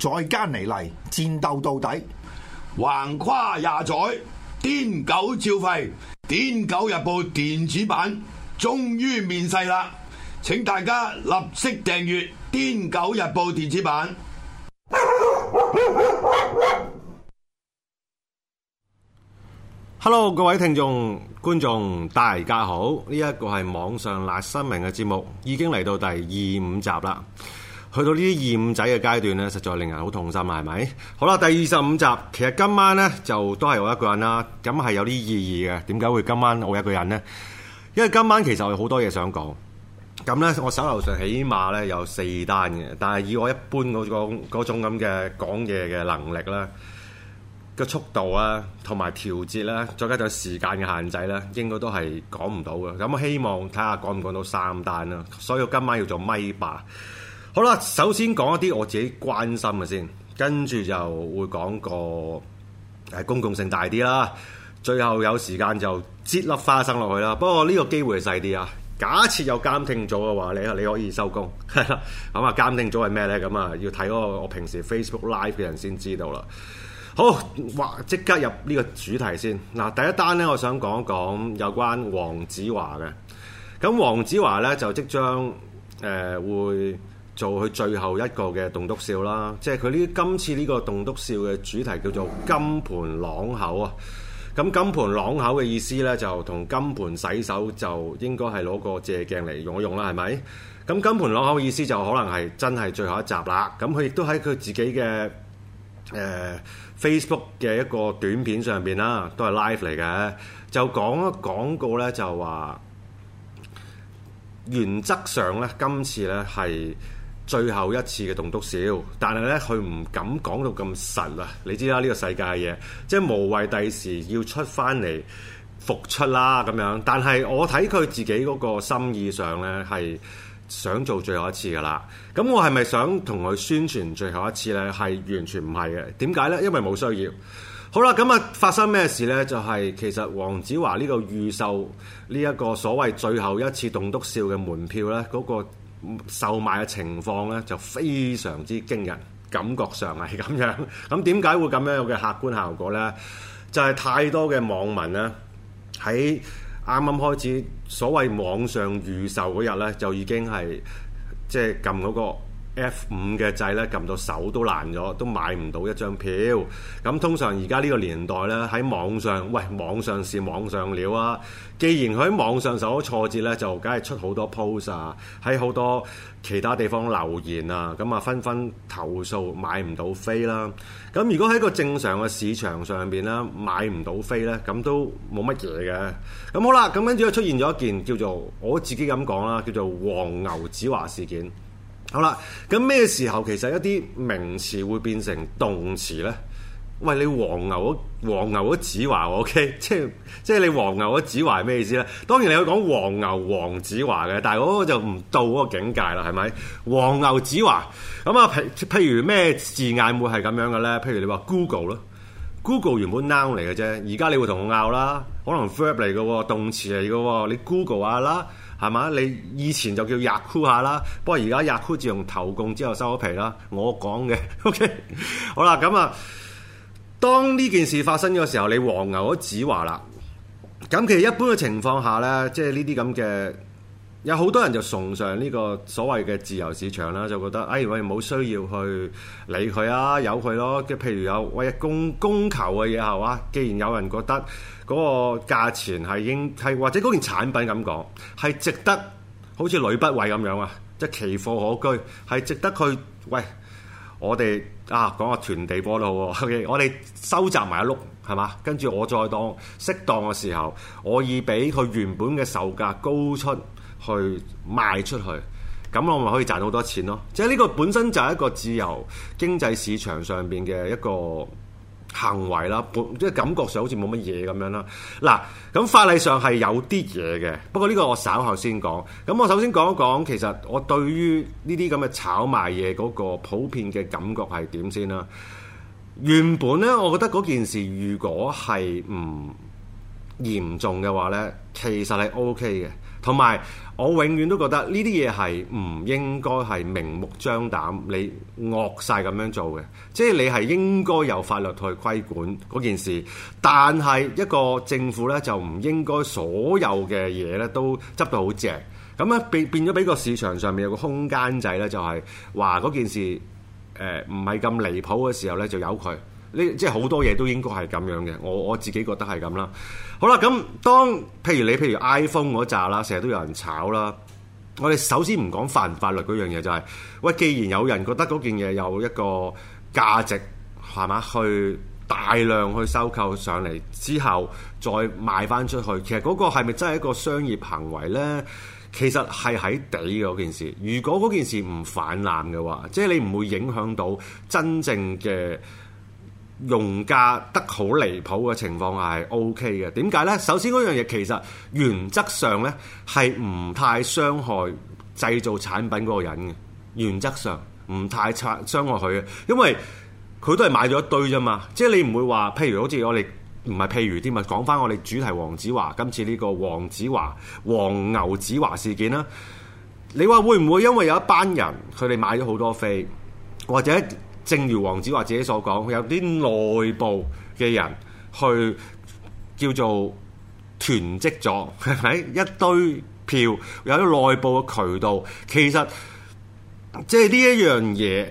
再加尼嚟，戰鬥到底，橫跨廿載，癲狗照吠。癲狗日報電子版終於面世啦！請大家立即訂閱《癲狗日報》電子版。Hello，各位聽眾、觀眾，大家好！呢一個係網上辣新聞嘅節目，已經嚟到第二五集啦。去到呢啲二五仔嘅階段咧，實在令人好痛心啊！係咪？好啦，第二十五集，其實今晚咧就都係我一個人啦，咁係有啲意義嘅。點解會今晚我一個人呢？因為今晚其實我有好多嘢想講。咁呢，我手頭上起碼咧有四單嘅，但係以我一般嗰個嗰種咁嘅講嘢嘅能力啦，個速度啊，同埋調節啦，再加上時間嘅限制啦，應該都係講唔到嘅。咁我希望睇下講唔講到三單啦。所以我今晚要做咪吧。好啦，首先講一啲我自己關心嘅先，跟住就會講個誒、欸、公共性大啲啦。最後有時間就擲粒花生落去啦。不過呢個機會係細啲啊。假設有監聽組嘅話，你你可以收工。咁 啊、嗯，監聽組係咩呢？咁啊，要睇嗰個我平時 Facebook Live 嘅人先知道啦。好，哇！即刻入呢個主題先。嗱，第一單呢，我想講一講有關黃子華嘅。咁黃子華呢，就即將誒、呃、會。做佢最後一個嘅棟篤笑啦，即係佢呢，今次呢個棟篤笑嘅主題叫做金盤朗口啊！咁金盤朗口嘅意思呢，就同金盤洗手就應該係攞個借鏡嚟用一用啦，係咪？咁金盤朗口嘅意思就可能係真係最後一集啦。咁佢亦都喺佢自己嘅誒、呃、Facebook 嘅一個短片上邊啦，都係 live 嚟嘅，就講一講告呢，就話原則上呢，今次呢係。最後一次嘅棟篤笑，但係呢，佢唔敢講到咁實啊！你知啦，呢個世界嘅嘢，即係無謂第時要出翻嚟復出啦咁樣。但係我睇佢自己嗰個心意上呢，係想做最後一次噶啦。咁我係咪想同佢宣傳最後一次呢？係完全唔係嘅。點解呢？因為冇需要。好啦，咁啊發生咩事呢？就係其實黃子華呢個預售呢一個所謂最後一次棟篤笑嘅門票呢，嗰個。售賣嘅情況呢就非常之驚人，感覺上係咁樣。咁點解會咁樣有嘅客觀效果呢？就係、是、太多嘅網民呢，喺啱啱開始所謂網上預售嗰日呢，就已經係即係撳嗰個。F 五嘅掣咧，撳到手都爛咗，都買唔到一張票。咁通常而家呢個年代咧，喺網上，喂網上是網上了啊。既然佢喺網上受咗挫折咧，就梗係出好多 post 啊，喺好多其他地方留言啊，咁啊紛紛投訴買唔到飛啦。咁如果喺個正常嘅市場上邊咧，買唔到飛咧，咁都冇乜嘢嘅。咁好啦，咁跟住就出現咗一件叫做我自己咁講啦，叫做黃牛子華事件。好啦，咁咩時候其實一啲名詞會變成動詞呢？喂，你黃牛，黃牛咗子華，OK，即係即係你黃牛咗子華係咩意思呢？當然你去講黃牛黃子華嘅，但係嗰個就唔到嗰個境界啦，係咪？黃牛子華咁啊？譬譬如咩字眼會係咁樣嘅呢？譬如你話 Google 咯，Google 原本 noun 嚟嘅啫，而家你會同我拗啦，可能 verb 嚟嘅喎，動詞嚟嘅喎，你 Google 下啦。係嘛？你以前就叫壓酷下啦，不過而家壓酷自從投共之後收咗皮啦。我講嘅，OK，好啦，咁啊，當呢件事發生嘅時候，你黃牛都子華啦。咁其實一般嘅情況下呢，即係呢啲咁嘅，有好多人就崇尚呢個所謂嘅自由市場啦，就覺得哎我哋冇需要去理佢啊，由佢咯。即譬如有喂供供求嘅嘢係嘛，既然有人覺得。嗰個價錢係應係或者嗰件產品咁講，係值得好似呂不韋咁樣啊，即係奇貨可居，係值得佢。喂我哋啊講個囤地波都好，okay，我哋收集埋一碌係嘛，跟住我再當適當嘅時候，我以比佢原本嘅售價高出去，去賣出去，咁我咪可以賺到好多錢咯。即係呢個本身就係一個自由經濟市場上邊嘅一個。行為啦，即係感覺上好似冇乜嘢咁樣啦。嗱，咁法例上係有啲嘢嘅，不過呢個我稍後先講。咁我首先講一講，其實我對於呢啲咁嘅炒賣嘢嗰個普遍嘅感覺係點先啦？原本呢，我覺得嗰件事如果係唔嚴重嘅話呢，其實係 OK 嘅。同埋，我永遠都覺得呢啲嘢係唔應該係明目張膽，你惡晒咁樣做嘅，即係你係應該由法律去規管嗰件事。但係一個政府呢，就唔應該所有嘅嘢呢都執到好正，咁樣變變咗俾個市場上面有個空間仔呢，就係話嗰件事唔係咁離譜嘅時候呢，就由佢。呢即係好多嘢都應該係咁樣嘅，我我自己覺得係咁啦。好啦，咁當譬如你譬如 iPhone 嗰扎啦，成日都有人炒啦。我哋首先唔講犯唔犯法律嗰樣嘢、就是，就係喂，既然有人覺得嗰件嘢有一個價值，係嘛？去大量去收購上嚟之後，再賣翻出去，其實嗰個係咪真係一個商業行為呢？其實係喺地嗰件事。如果嗰件事唔泛濫嘅話，即係你唔會影響到真正嘅。用價得好離譜嘅情況下係 OK 嘅，點解呢？首先嗰樣嘢其實原則上呢係唔太傷害製造產品嗰個人嘅，原則上唔太拆傷害佢嘅，因為佢都係買咗一堆啫嘛。即係你唔會話，譬如好似我哋唔係譬如啲咪講返我哋主題黃子華，今次呢個黃子華黃牛子華事件啦。你話會唔會因為有一班人佢哋買咗好多飛或者？正如黃子華自己所講，有啲內部嘅人去叫做囤積咗係咪一堆票，有啲內部嘅渠道，其實即係呢一樣嘢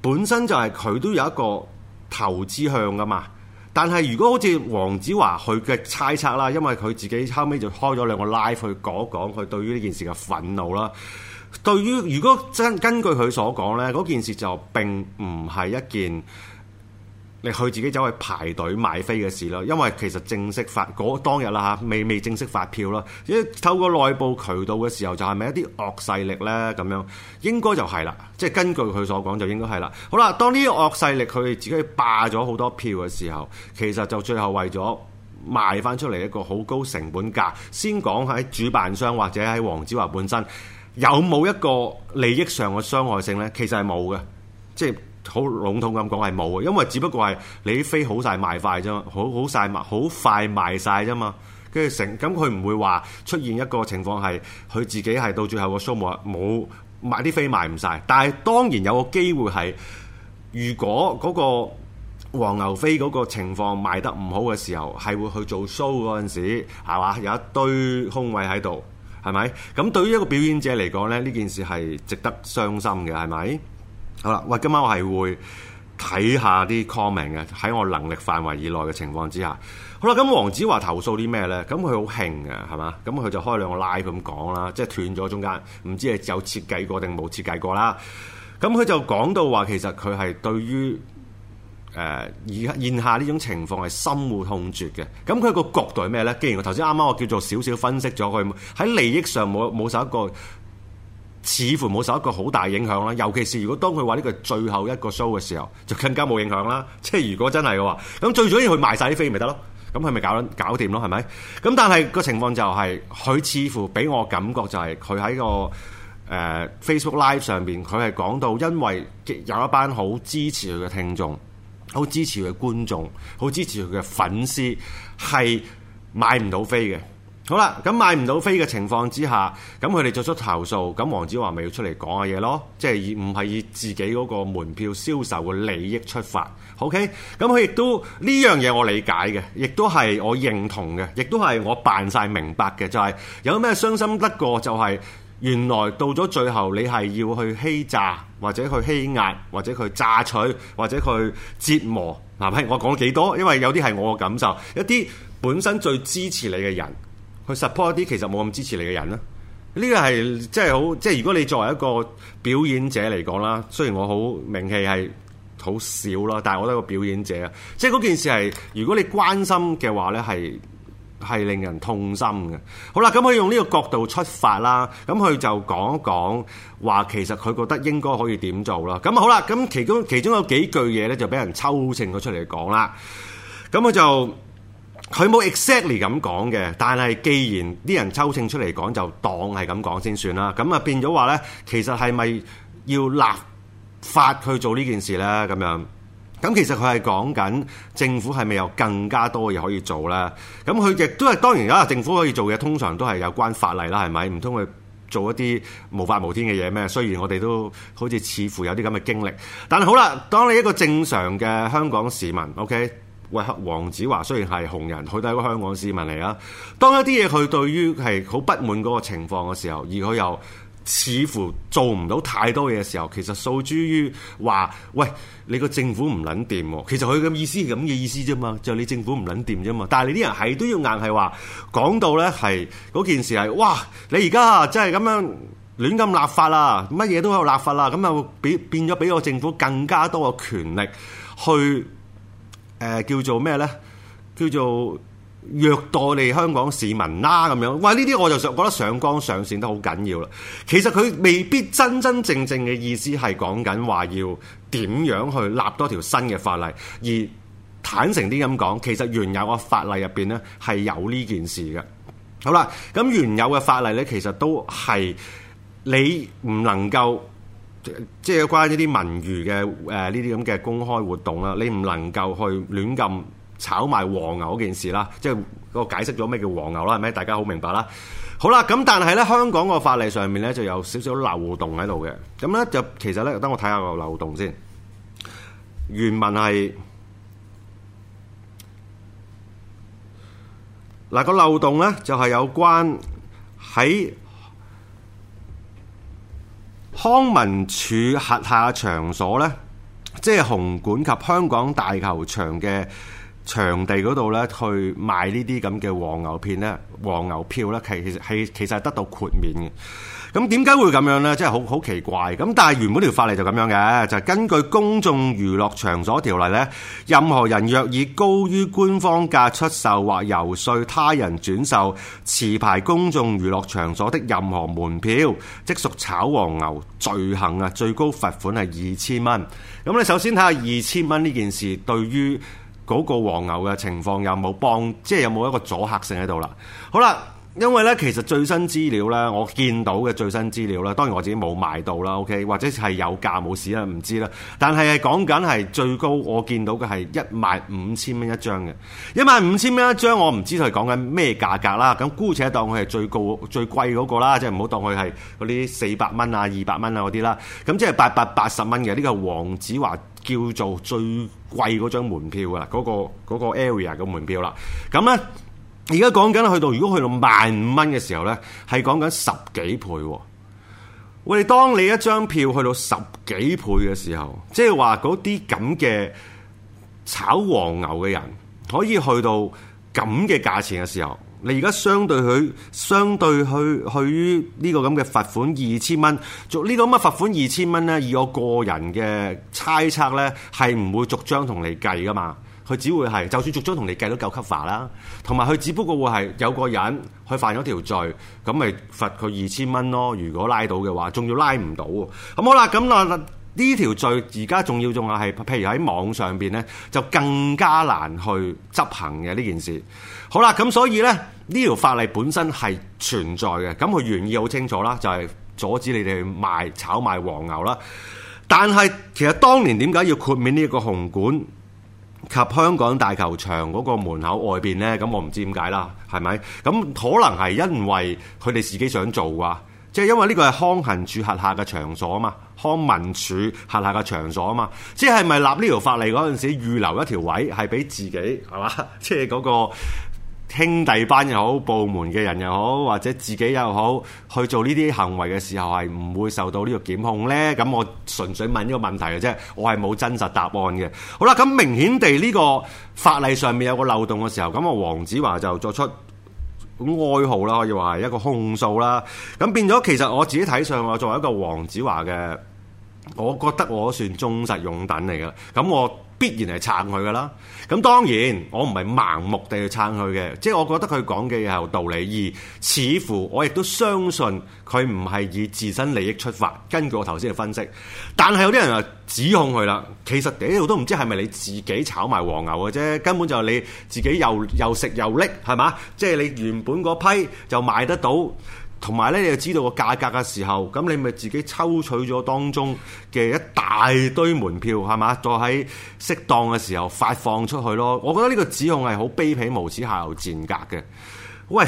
本身就係佢都有一個投資向㗎嘛。但係如果好似黃子華佢嘅猜測啦，因為佢自己後尾就開咗兩個 live 去講一講佢對於呢件事嘅憤怒啦。對於如果真根據佢所講呢，嗰件事就並唔係一件你去自己走去排隊買飛嘅事咯，因為其實正式發嗰當日啦嚇，未未正式發票咯。一透過內部渠道嘅時候，就係、是、咪一啲惡勢力呢？咁樣？應該就係啦，即係根據佢所講就應該係啦。好啦，當呢個惡勢力佢自己霸咗好多票嘅時候，其實就最後為咗賣翻出嚟一個好高成本價，先講喺主辦商或者喺黃子華本身。有冇一個利益上嘅傷害性呢？其實係冇嘅，即係好籠統咁講係冇嘅，因為只不過係你飛好晒賣快啫嘛，好好晒賣好快賣晒啫嘛。跟住成咁佢唔會話出現一個情況係佢自己係到最後個 show 冇買啲飛賣唔晒。但係當然有個機會係如果嗰個黃牛飛嗰個情況賣得唔好嘅時候，係會去做 show 嗰陣時係嘛有一堆空位喺度。係咪？咁對於一個表演者嚟講咧，呢件事係值得傷心嘅，係咪？好啦，喂，今晚我係會睇下啲 comment 嘅，喺我能力範圍以內嘅情況之下。好啦，咁黃子華投訴啲咩咧？咁佢好興嘅，係嘛？咁佢就開兩個 live 咁講啦，即係斷咗中間，唔知係有設計過定冇設計過啦。咁佢就講到話，其實佢係對於。誒而現下呢種情況係深惡痛絕嘅，咁佢個角度係咩呢？既然我頭先啱啱我叫做少少分析咗佢喺利益上冇冇受一個，似乎冇受一個好大影響啦。尤其是如果當佢話呢個最後一個 show 嘅時候，就更加冇影響啦。即係如果真係嘅話，咁最主要佢賣晒啲飛咪得咯，咁佢咪搞搞掂咯，係咪？咁但係個情況就係、是、佢似乎俾我感覺就係佢喺個誒、呃、Facebook Live 上面，佢係講到因為有一班好支持佢嘅聽眾。好支持佢嘅觀眾，好支持佢嘅粉絲，係買唔到飛嘅。好啦，咁買唔到飛嘅情況之下，咁佢哋作出投訴，咁黃子華咪要出嚟講下嘢咯。即係唔係以自己嗰個門票銷售嘅利益出發。OK，咁佢亦都呢樣嘢我理解嘅，亦都係我認同嘅，亦都係我扮晒明白嘅，就係有咩傷心得過就係。原來到咗最後，你係要去欺詐，或者去欺壓，或者去榨取，或者去折磨。嗱，唔係我講幾多，因為有啲係我嘅感受，一啲本身最支持你嘅人，去 support 一啲其實冇咁支持你嘅人咧。呢個係即係好，即係如果你作為一個表演者嚟講啦，雖然我好名氣係好少啦，但係我都係個表演者啊。即係嗰件事係，如果你關心嘅話呢，係。係令人痛心嘅。好啦，咁佢用呢個角度出發啦。咁佢就講一講，話其實佢覺得應該可以點做啦。咁好啦，咁其中其中有幾句嘢咧，就俾人抽秤咗出嚟講啦。咁佢就佢冇 exactly 咁講嘅，但係既然啲人抽秤出嚟講，就當係咁講先算啦。咁啊變咗話咧，其實係咪要立法去做呢件事咧？咁樣。咁其實佢係講緊政府係咪有更加多嘅嘢可以做呢？咁佢亦都係當然，而家政府可以做嘅通常都係有關法例啦，係咪？唔通佢做一啲無法無天嘅嘢咩？雖然我哋都好似似乎有啲咁嘅經歷，但係好啦，當你一個正常嘅香港市民，OK？喂，黃子華雖然係紅人，佢都係一個香港市民嚟啊。當一啲嘢佢對於係好不滿嗰個情況嘅時候，而佢又似乎做唔到太多嘢嘅時候，其實訴諸於話：喂，你個政府唔撚掂喎。其實佢嘅意思係，咁嘅意思啫嘛，就係你政府唔撚掂啫嘛。但係你啲人係都要硬是，係話講到咧係嗰件事係：哇！你而家啊，真係咁樣亂咁立法啦，乜嘢都喺度立法啦，咁就變變咗俾個政府更加多嘅權力去誒叫做咩咧？叫做虐待你香港市民啦、啊、咁樣，喂呢啲我就上覺得上綱上線都好緊要啦。其實佢未必真真正正嘅意思係講緊話要點樣去立多條新嘅法例，而坦誠啲咁講，其實原有嘅法例入邊呢係有呢件事嘅。好啦，咁原有嘅法例呢，其實都係你唔能夠即係關於呢啲文娛嘅誒呢啲咁嘅公開活動啦，你唔能夠去亂撳。炒賣黃牛嗰件事啦，即係嗰個解釋咗咩叫黃牛啦，係咪？大家好明白啦。好啦，咁但係咧，香港個法例上面咧，就有少少漏洞喺度嘅。咁咧就其實咧，等我睇下個漏洞先。原文係嗱、個漏洞咧，就係、是、有關喺康文署轄下場所咧，即係紅館及香港大球場嘅。場地嗰度咧，去賣呢啲咁嘅黃牛片呢，黃牛票呢，其實其實係其實係得到豁免嘅。咁點解會咁樣呢？即係好好奇怪。咁但係原本條法例就咁樣嘅，就係根據《公眾娛樂場所條例》呢，任何人若以高於官方價出售或遊說他人轉售持牌公眾娛樂場所的任何門票，即屬炒黃牛罪行啊！最高罰款係二千蚊。咁你首先睇下二千蚊呢件事對於嗰個黃牛嘅情況有冇幫，即係有冇一個阻嚇性喺度啦？好啦，因為呢，其實最新資料呢，我見到嘅最新資料呢，當然我自己冇買到啦，OK，或者係有價冇市啦，唔知啦。但係講緊係最高，我見到嘅係一萬五千蚊一張嘅，一萬五千蚊一張，我唔知佢講緊咩價格啦。咁姑且當佢係最高最貴嗰個啦，即係唔好當佢係嗰啲四百蚊啊、二百蚊啊嗰啲啦。咁即係八百八十蚊嘅，呢個黃子華。叫做最貴嗰張門票噶啦，嗰個嗰個 area 嘅門票啦。咁呢，而家講緊去到如果去到萬五蚊嘅時候呢，係講緊十幾倍。我哋當你一張票去到十幾倍嘅時候，即係話嗰啲咁嘅炒黃牛嘅人，可以去到咁嘅價錢嘅時候。你而家相對佢，相對佢，佢於呢個咁嘅罰款二千蚊，呢個咁嘅罰款二千蚊呢，以我個人嘅猜測呢，係唔會逐張同你計噶嘛，佢只會係就算逐張同你計都夠 cover 啦，同埋佢只不過會係有個人去犯咗條罪，咁咪罰佢二千蚊咯。如果拉到嘅話，仲要拉唔到，咁好啦，咁啊。呢條罪而家仲要仲話係，譬如喺網上邊呢，就更加難去執行嘅呢件事。好啦，咁所以呢，呢條法例本身係存在嘅，咁佢原意好清楚啦，就係、是、阻止你哋賣炒賣黃牛啦。但係其實當年點解要豁免呢個紅館及香港大球場嗰個門口外邊呢？咁我唔知點解啦，係咪？咁可能係因為佢哋自己想做啊。因為呢個係康行署轄下嘅場所啊嘛，康民署轄下嘅場所啊嘛，即係咪立呢條法例嗰陣時預留一條位係俾自己係嘛？即係嗰個兄弟班又好，部門嘅人又好，或者自己又好，去做呢啲行為嘅時候，係唔會受到呢個檢控呢？咁我純粹問呢個問題嘅啫，我係冇真實答案嘅。好啦，咁明顯地呢個法例上面有個漏洞嘅時候，咁啊，黃子華就作出。咁愛好啦，可以話係一個控訴啦。咁變咗，其實我自己睇上話，作為一個黃子華嘅，我覺得我算忠實擁躉嚟嘅。咁我必然係撐佢噶啦，咁當然我唔係盲目地去撐佢嘅，即係我覺得佢講嘅嘢有道理，而似乎我亦都相信佢唔係以自身利益出發。根據我頭先嘅分析，但係有啲人啊指控佢啦，其實誒度都唔知係咪你自己炒賣黃牛嘅啫？根本就係你自己又又食又拎係嘛，即係你原本嗰批就買得到。同埋咧，你又知道個價格嘅時候，咁你咪自己抽取咗當中嘅一大堆門票係嘛，再喺適當嘅時候發放出去咯。我覺得呢個指控係好卑鄙無恥、下流賤格嘅。喂，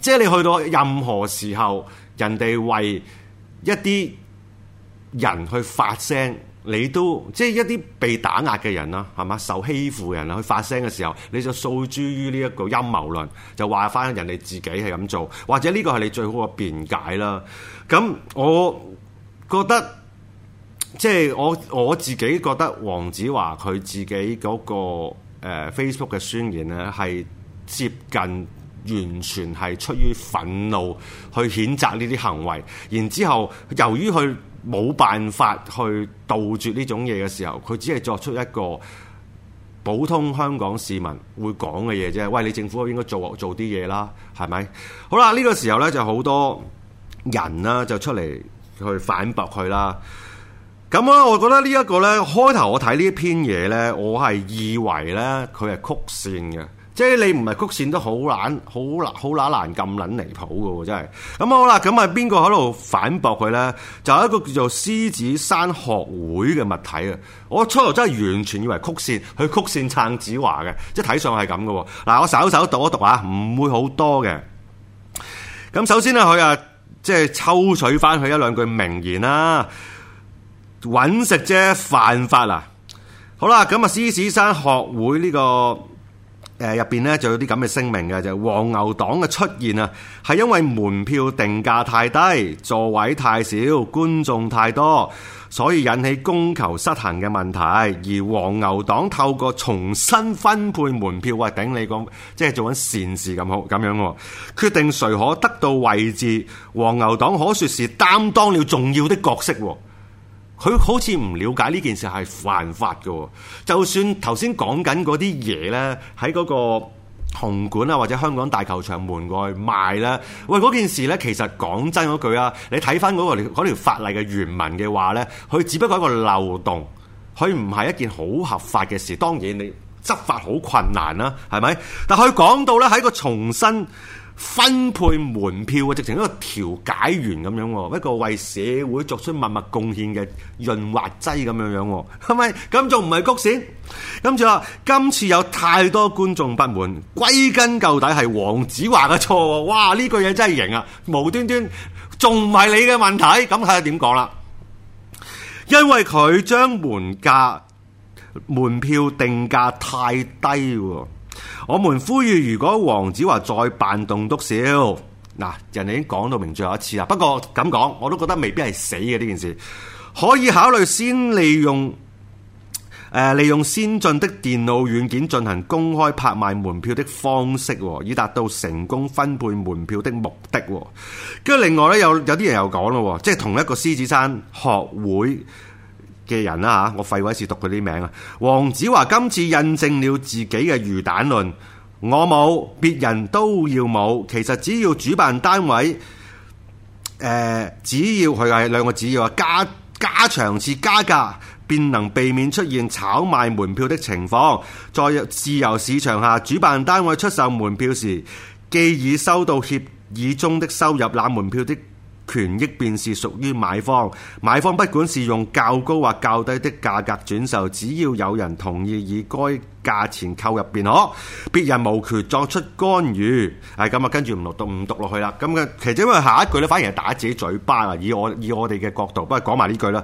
即係你去到任何時候，人哋為一啲人去發聲。你都即係一啲被打壓嘅人啦，係嘛，受欺負人啦，去發聲嘅時候，你就訴諸於呢一個陰謀論，就話翻人哋自己係咁做，或者呢個係你最好嘅辯解啦。咁我覺得即係我我自己覺得黃子華佢自己嗰個誒 Facebook 嘅宣言咧，係接近完全係出於憤怒去譴責呢啲行為，然之後由於佢。冇辦法去杜絕呢種嘢嘅時候，佢只係作出一個普通香港市民會講嘅嘢啫。喂，你政府應該做做啲嘢啦，係咪？好啦，呢個時候呢，就好多人啦，就出嚟去反駁佢啦。咁啊，我覺得呢一個呢，開頭我睇呢篇嘢呢，我係以為呢，佢係曲線嘅。即係你唔係曲線都好難好難好乸難咁撚離譜嘅喎，真係咁、嗯、好啦。咁啊，邊個喺度反駁佢呢？就有一個叫做獅子山學會嘅物體啊！我初頭真係完全以為曲線去曲線撐子華嘅，即係睇上係咁嘅。嗱，我稍稍讀一讀啊，唔會好多嘅。咁首先呢，佢啊，即係抽取翻佢一兩句名言啦。揾食啫，犯法啊！好啦，咁啊，獅子山學會呢個。誒，入邊咧就有啲咁嘅聲明嘅，就係黃牛黨嘅出現啊，係因為門票定價太低，座位太少，觀眾太多，所以引起供求失衡嘅問題。而黃牛黨透過重新分配門票，話頂你講，即係做緊善事咁好咁樣，決定誰可得到位置。黃牛黨可說是擔當了重要的角色。佢好似唔了解呢件事係犯法㗎，就算頭先講緊嗰啲嘢呢，喺嗰個紅館啊或者香港大球場門外賣呢，喂嗰件事呢，其實講真嗰句啊，你睇翻嗰個嗰條法例嘅原文嘅話呢，佢只不過係一個漏洞，佢唔係一件好合法嘅事。當然你執法好困難啦，係咪？但佢講到呢，係一個重申。分配門票啊，直情一個調解員咁樣，一個為社會作出默默貢獻嘅潤滑劑咁樣樣，係咪？咁仲唔係曲線？跟住話，今次有太多觀眾不滿，歸根究底係黃子華嘅錯喎！哇，呢句嘢真係型啊！無端端仲唔係你嘅問題？咁睇下點講啦？因為佢將門價門票定價太低喎。我們呼籲，如果黃子華再辦棟篤笑，嗱，人哋已經講到明最後一次啦。不過咁講，我都覺得未必係死嘅，呢件事，可以考慮先利用誒、呃、利用先進的電腦軟件進行公開拍賣門票的方式，以達到成功分配門票的目的。跟住另外咧，有有啲人又講咯，即係同一個獅子山學會。嘅人啊，嚇，我費鬼事讀佢啲名啊！黃子華今次印證了自己嘅魚蛋論，我冇，別人都要冇。其實只要主辦單位，誒、呃，只要佢係兩個字，要話加加場次加價，便能避免出現炒賣門票的情況。在自由市場下，主辦單位出售門票時，既已收到協議中的收入，攬門票的權益便是屬於買方，買方不管是用較高或較低的價格轉售，只要有人同意以該價錢購入便可，別人無權作出干預。係咁啊，跟住唔讀讀唔讀落去啦。咁嘅其實因為下一句咧，反而係打自己嘴巴啊！以我以我哋嘅角度，不如講埋呢句啦。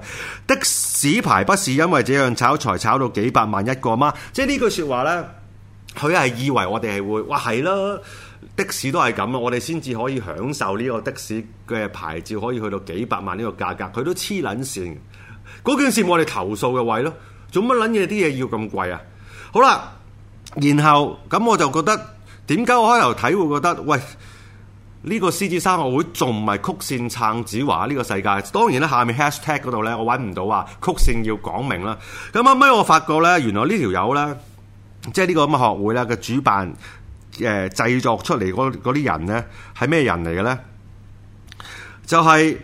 的士牌不是因為這樣炒財，炒到幾百萬一個嗎？即係呢句説話呢，佢係以為我哋係會，哇係啦。的士都係咁啊！我哋先至可以享受呢個的士嘅牌照，可以去到幾百萬呢個價格，佢都黐撚線。嗰件事我哋投訴嘅位咯，做乜撚嘢啲嘢要咁貴啊？好啦，然後咁我就覺得點解我開頭睇會覺得喂，呢、呢個獅子山學會仲唔係曲線撐子華呢個世界？當然啦，下面 hashtag 嗰度咧，我搵唔到啊！曲線要講明啦。咁啊，尾我發覺咧，原來呢條友咧，即係呢個咁嘅學會咧嘅主辦。誒，製作出嚟嗰啲人咧，係咩人嚟嘅咧？就係、是、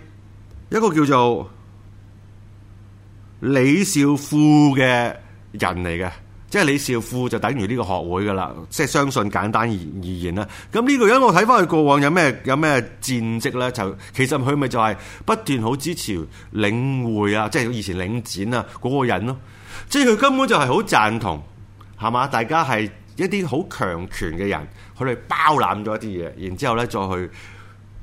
一個叫做李兆富嘅人嚟嘅，即係李兆富就等於呢個學會噶啦，即係相信簡單而而言啦。咁呢個人我睇翻佢過往有咩有咩戰績咧？就其實佢咪就係不斷好支持領會啊，即係以前領展啊嗰個人咯，即係佢根本就係好贊同，係嘛？大家係。一啲好強權嘅人，佢哋包攬咗一啲嘢，然之後咧再去，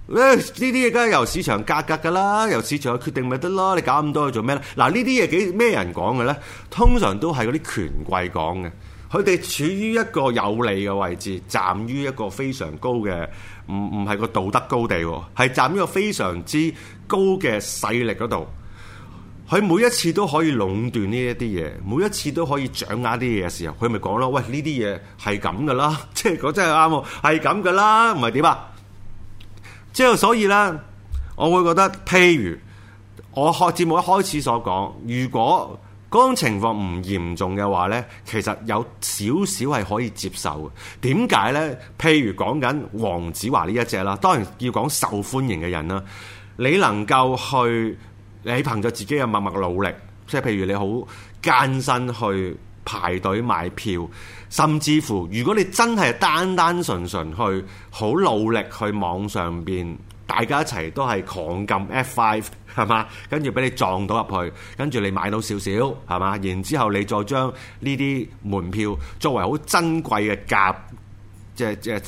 呢啲嘢梗係由市場價格噶啦，由市場去決定咪得囉，你搞咁多去做咩咧？嗱，呢啲嘢幾咩人講嘅呢？通常都係嗰啲權貴講嘅，佢哋處於一個有利嘅位置，站於一個非常高嘅，唔唔係個道德高地，係站於個非常之高嘅勢力嗰度。佢每一次都可以壟斷呢一啲嘢，每一次都可以掌握啲嘢嘅時候，佢咪講囉。喂，呢啲嘢係噉㗎啦，即係講真係啱喎，係噉㗎啦，唔係點呀？之後所以呢，我會覺得，譬如我開節目一開始所講，如果嗰種情況唔嚴重嘅話呢，其實有少少係可以接受嘅。點解呢？譬如講緊黃子華呢一隻啦，當然要講受歡迎嘅人啦，你能夠去。你憑着自己嘅默默努力，即係譬如你好艱辛去排隊買票，甚至乎如果你真係單單純純去好努力去網上邊，大家一齊都係狂撳 F5，係嘛？跟住俾你撞到入去，跟住你買到少少，係嘛？然之後你再將呢啲門票作為好珍貴嘅夾，即係即係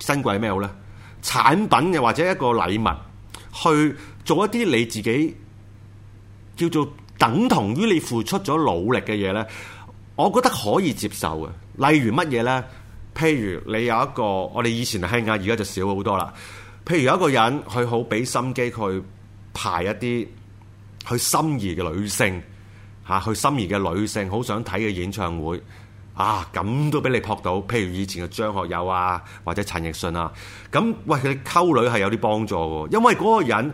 珍貴咩好呢？產品又或者一個禮物去做一啲你自己。叫做等同於你付出咗努力嘅嘢呢，我覺得可以接受嘅。例如乜嘢呢？譬如你有一個，我哋以前興㗎，而家就少好多啦。譬如有一個人，佢好俾心機去排一啲去心儀嘅女性嚇，去心儀嘅女性好、啊、想睇嘅演唱會啊，咁都俾你撲到。譬如以前嘅張學友啊，或者陳奕迅啊，咁喂，佢哋溝女係有啲幫助嘅，因為嗰個人。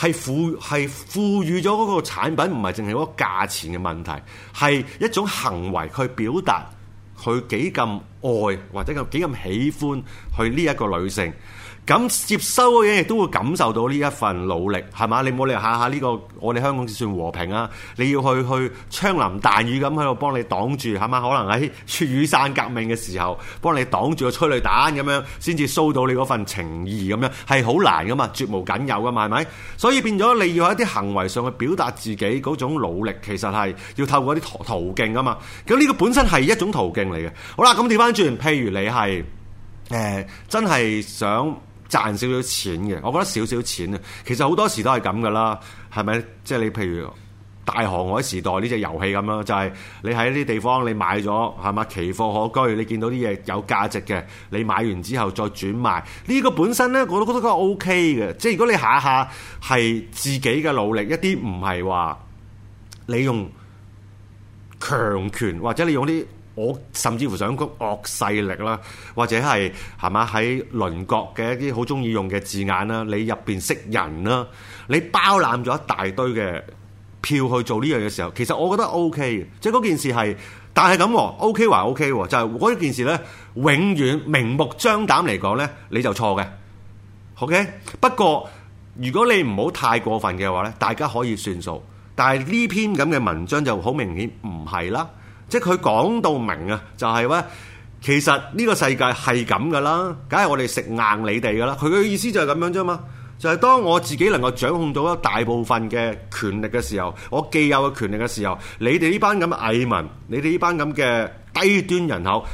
係賦，賦予咗嗰個產品，唔係淨係嗰個價錢嘅問題，係一種行為，去表達佢幾咁愛或者有幾咁喜歡去呢一個女性，咁接收嘅嘢亦都會感受到呢一份努力，係嘛？你冇理由下下呢個我哋香港就算和平啊，你要去去槍林彈雨咁喺度幫你擋住，係嘛？可能喺雨傘革命嘅時候幫你擋住個催淚彈咁樣，先至收到你嗰份情義咁樣，係好難噶嘛，絕無僅有噶嘛，係咪？所以變咗你要喺啲行為上去表達自己嗰種努力，其實係要透過啲途途徑噶嘛。咁呢個本身係一種途徑嚟嘅。好啦，咁點翻。跟住，譬如你係誒、呃，真係想賺少少錢嘅，我覺得少少錢啊，其實好多時都係咁噶啦，係咪？即係你譬如大航海時代呢隻遊戲咁咯，就係、是、你喺呢啲地方你買咗，係嘛？奇貨可居，你見到啲嘢有價值嘅，你買完之後再轉賣，呢、呢個本身呢，我都覺得都係 O K 嘅。即係如果你下下係自己嘅努力，一啲唔係話你用強權或者你用啲。我甚至乎想講惡勢力啦，或者係，係嘛，喺鄰國嘅一啲好中意用嘅字眼啦，你入邊識人啦，你包攬咗一大堆嘅票去做呢樣嘢時候，其實我覺得 OK 嘅，即係嗰件事係，但係咁 O K 還 O K 喎，就係嗰一件事呢，永遠明目張膽嚟講呢，你就錯嘅。OK，不過如果你唔好太過分嘅話呢，大家可以算數，但係呢篇咁嘅文章就好明顯唔係啦。即係佢講到明啊，就係話，其實呢個世界係咁噶啦，梗係我哋食硬你哋噶啦。佢嘅意思就係咁樣啫嘛。就係、是、當我自己能夠掌控到一大部分嘅權力嘅時候，我既有嘅權力嘅時候，你哋呢班咁嘅蟻民，你哋呢班咁嘅低端人口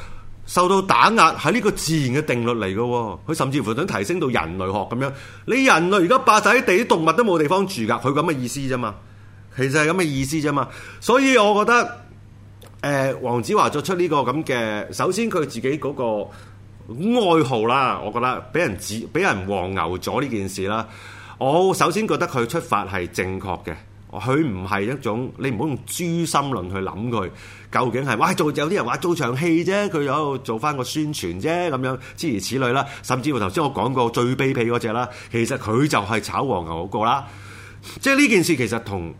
受到打壓，係呢個自然嘅定律嚟噶。佢甚至乎想提升到人類學咁樣。你人類而家霸曬啲地，啲動物都冇地方住噶。佢咁嘅意思啫嘛。其實係咁嘅意思啫嘛。所以我覺得。誒黃、呃、子華作出呢、這個咁嘅，首先佢自己嗰個愛好啦，我覺得俾人指俾人黃牛咗呢件事啦。我首先覺得佢出發係正確嘅，佢唔係一種你唔好用誅心論去諗佢究竟係，哇！做有啲人話做場戲啫，佢有做翻個宣傳啫咁樣，諸如此類啦。甚至乎頭先我講過最卑鄙嗰隻啦，其實佢就係炒黃牛嗰個啦。即係呢件事其實同誒、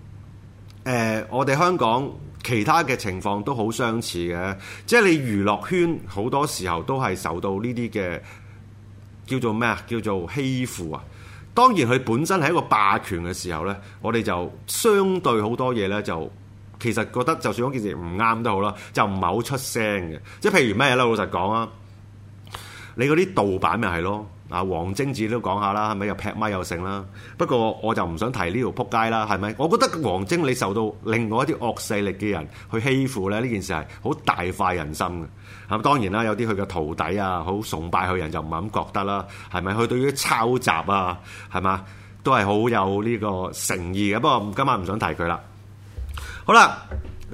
呃、我哋香港。其他嘅情況都好相似嘅，即係你娛樂圈好多時候都係受到呢啲嘅叫做咩啊？叫做欺負啊！當然佢本身係一個霸權嘅時候咧，我哋就相對好多嘢咧，就其實覺得就算嗰件事唔啱都好啦，就唔係好出聲嘅。即係譬如咩咧，老實講啊，你嗰啲盜版咪係咯。啊，王晶自己都講下啦，係咪又劈咪又成啦？不過我就唔想提呢條撲街啦，係咪？我覺得王晶你受到另外一啲惡勢力嘅人去欺負咧，呢件事係好大快人心嘅。嚇，當然啦，有啲佢嘅徒弟啊，好崇拜佢嘅人就唔係咁覺得啦，係咪？佢對於抄襲啊，係嘛，都係好有呢個誠意嘅。不過今晚唔想提佢啦。好啦，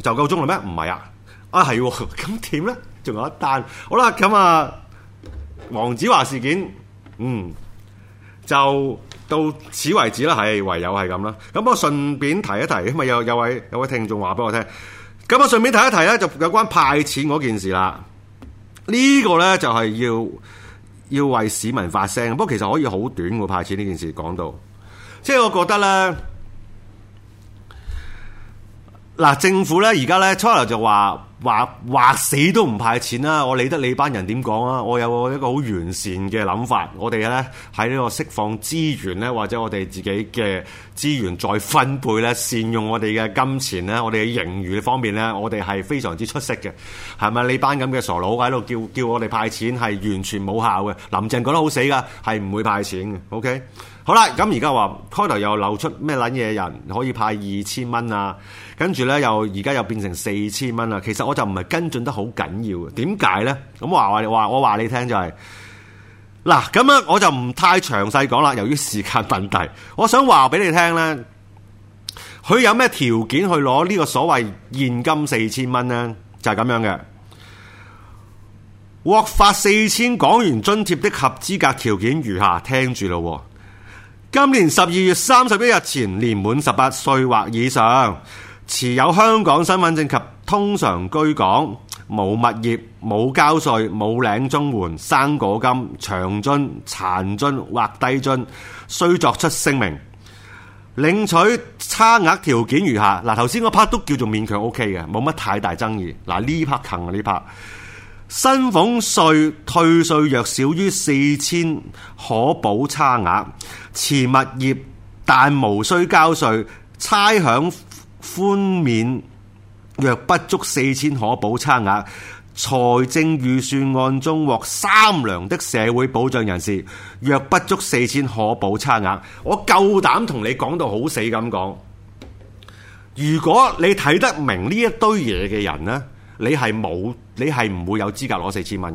就夠鐘嘞咩？唔係啊，啊係，咁點咧？仲有一單。好啦，咁啊，黃子華事件。嗯，就到此為止啦，係唯有係咁啦。咁我順便提一提，咁啊有有位有位聽眾話俾我聽，咁啊順便提一提咧，就有關派錢嗰件事啦。這個，呢個咧就係，是，要要為市民發聲，不過其實可以好短嘅派錢呢件事講到，即係我覺得咧，嗱政府咧而家咧初頭就話，話話死都唔派錢啦！我理得你班人點講啊！我有一個好完善嘅諗法，我哋呢喺呢個釋放資源呢，或者我哋自己嘅資源再分配呢，善用我哋嘅金錢呢，我哋嘅盈餘方面呢，我哋係非常之出色嘅。係咪你班咁嘅傻佬喺度叫叫我哋派錢係完全冇效嘅？林鄭講得好死噶，係唔會派錢嘅。OK，好啦，咁而家話開頭又流出咩捻嘢人可以派二千蚊啊？跟住呢，又而家又變成四千蚊啦。其實我我就唔係跟進得好緊要嘅，點解呢？咁話話話，我話你聽就係、是、嗱，咁啊，我就唔太詳細講啦。由於時間問題，我想話俾你聽呢，佢有咩條件去攞呢個所謂現金四千蚊呢？就係、是、咁樣嘅。獲發四千港元津貼的合資格條件如下，聽住咯。今年十二月三十一日前年滿十八歲或以上。持有香港身份證及通常居港，冇物業、冇交稅、冇領綜援、生果金、長津、殘津或低津，需作出聲明。領取差額條件如下：嗱，頭先嗰 part 都叫做勉強 O K 嘅，冇乜太大爭議。嗱呢 part 近呢 part，薪俸稅退稅若少於四千，可補差額。持物業但無需交稅，差餉。寬免若不足四千可補差額，財政預算案中獲三糧的社會保障人士若不足四千可補差額，我夠膽同你講到好死咁講。如果你睇得明呢一堆嘢嘅人呢，你係冇，你係唔會有資格攞四千蚊。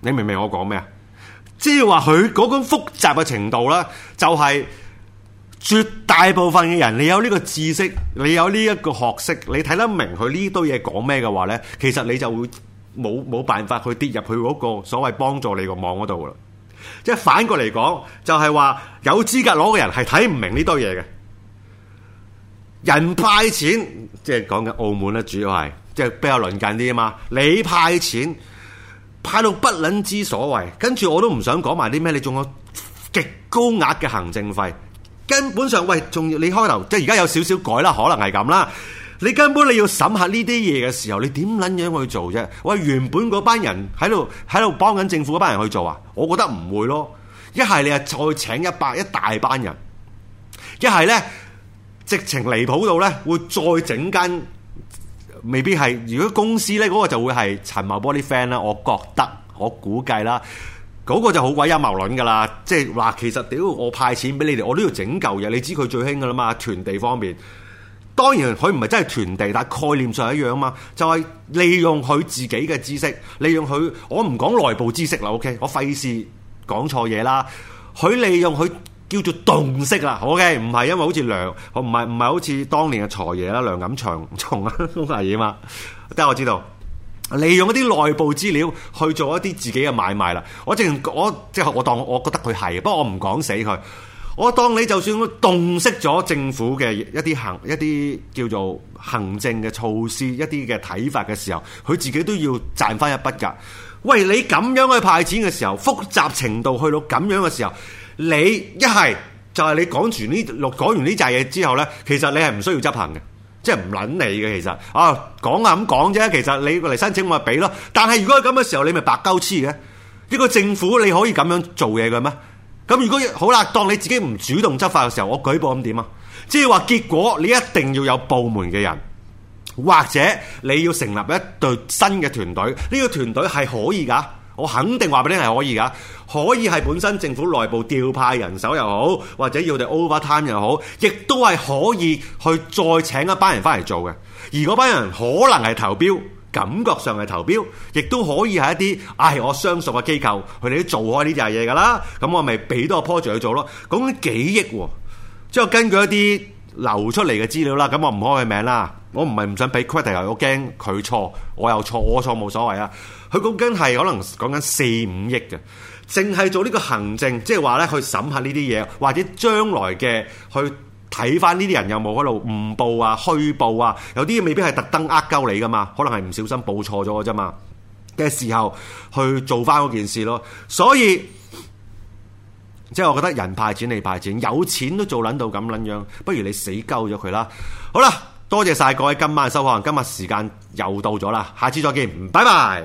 你明唔明我講咩啊？即係話佢嗰種複雜嘅程度呢，就係、是。絕大部分嘅人，你有呢個知識，你有呢一個學識，你睇得明佢呢堆嘢講咩嘅話呢，其實你就會冇冇辦法去跌入去嗰個所謂幫助你個網嗰度。即係反過嚟講，就係話有資格攞嘅人係睇唔明呢堆嘢嘅。人派錢，即係講緊澳門啦，主要係即係比較鄰近啲啊嘛。你派錢派到不撚之所謂，跟住我都唔想講埋啲咩，你仲有極高額嘅行政費。根本上，喂，仲要你開頭，即係而家有少少改啦，可能係咁啦。你根本你要審核呢啲嘢嘅時候，你點撚樣去做啫？喂，原本嗰班人喺度喺度幫緊政府嗰班人去做啊，我覺得唔會咯。一係你啊再請一百一大班人，一係呢，直情離譜到呢，會再整間，未必係。如果公司呢嗰、嗰個就會係陳茂波啲 friend 啦，我覺得我估計啦。嗰個就好鬼陰謀論噶啦，即係話其實屌我派錢俾你哋，我都要整舊嘢。你知佢最興噶啦嘛，囤地方面。當然佢唔係真係囤地，但概念上一樣啊嘛。就係、是、利用佢自己嘅知識，利用佢。我唔講內部知識啦，OK，我費事講錯嘢啦。佢利用佢叫做洞識啦，OK，唔係因為好似梁，唔係唔係好似當年嘅財爺啦，梁錦祥從啊，乜嘢嘛？得我知道。利用一啲內部資料去做一啲自己嘅買賣啦，我正我即係我當，我覺得佢係，不過我唔講死佢。我當你就算洞悉咗政府嘅一啲行、一啲叫做行政嘅措施、一啲嘅睇法嘅時候，佢自己都要賺返一筆㗎。喂，你咁樣去派錢嘅時候，複雜程度去到咁樣嘅時候，你一係就係、是、你講完呢六講完呢啲嘢之後呢，其實你係唔需要執行嘅。即係唔撚你嘅其實，啊講啊咁講啫，其實你嚟申請我咪俾咯。但係如果咁嘅時候，你咪白鳩黐嘅。呢個政府你可以咁樣做嘢嘅咩？咁如果好啦，當你自己唔主動執法嘅時候，我舉報咁點啊？即係話結果你一定要有部門嘅人，或者你要成立一隊新嘅團隊。呢個團隊係可以㗎。我肯定話俾你係可以噶，可以係本身政府內部調派人手又好，或者要我哋 overtime 又好，亦都係可以去再請一班人翻嚟做嘅。而嗰班人可能係投標，感覺上係投標，亦都可以係一啲，唉、啊，我相熟嘅機構，佢哋都做開呢啲嘢噶啦。咁我咪俾多個 project 去做咯。講幾億喎、啊，即係根據一啲流出嚟嘅資料啦。咁我唔開佢名啦，我唔係唔想俾 credit，我驚佢錯，我又錯，我錯冇所謂啊。佢講緊係可能講緊四五億嘅，淨係做呢個行政，即係話咧，去審下呢啲嘢，或者將來嘅去睇翻呢啲人有冇喺度誤報啊、虛報啊，有啲未必係特登呃鳩你噶嘛，可能係唔小心報錯咗嘅啫嘛嘅時候去做翻嗰件事咯。所以即係我覺得人派錢你派錢，有錢都做捻到咁捻樣，不如你死鳩咗佢啦。好啦，多謝晒各位今晚收看，今日時間又到咗啦，下次再見，拜拜。